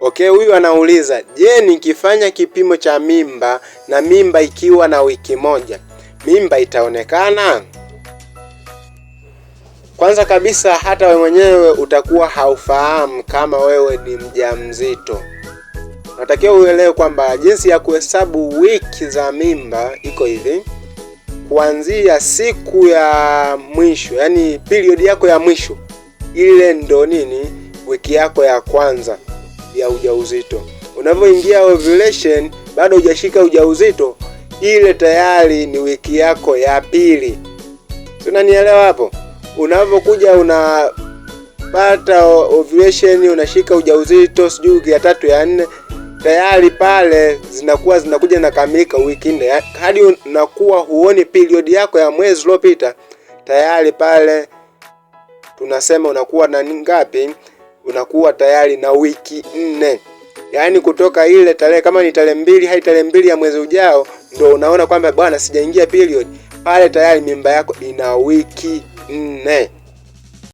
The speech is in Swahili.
Okay, huyu anauliza, je, nikifanya kipimo cha mimba na mimba ikiwa na wiki moja mimba itaonekana? Kwanza kabisa hata wewe mwenyewe utakuwa haufahamu kama wewe ni mjamzito. Natakiwa uelewe kwamba jinsi ya kuhesabu wiki za mimba iko hivi: kuanzia siku ya mwisho, yani period yako ya mwisho, ile ndo nini, wiki yako ya kwanza ya ujauzito. Unavyoingia ovulation bado hujashika ujauzito, ile tayari ni wiki yako ya pili. Unanielewa hapo? Unavyokuja unapata ovulation, unashika ujauzito sijui ya tatu ya nne, tayari pale zinakuwa zinakuja nakamilika wiki nne, hadi unakuwa huoni period yako ya mwezi uliopita, tayari pale tunasema unakuwa na ngapi? unakuwa tayari na wiki nne, yaani kutoka ile tarehe, kama ni tarehe mbili hai tarehe mbili ya mwezi ujao, ndio unaona kwamba bwana sijaingia period, pale tayari mimba yako ina wiki nne.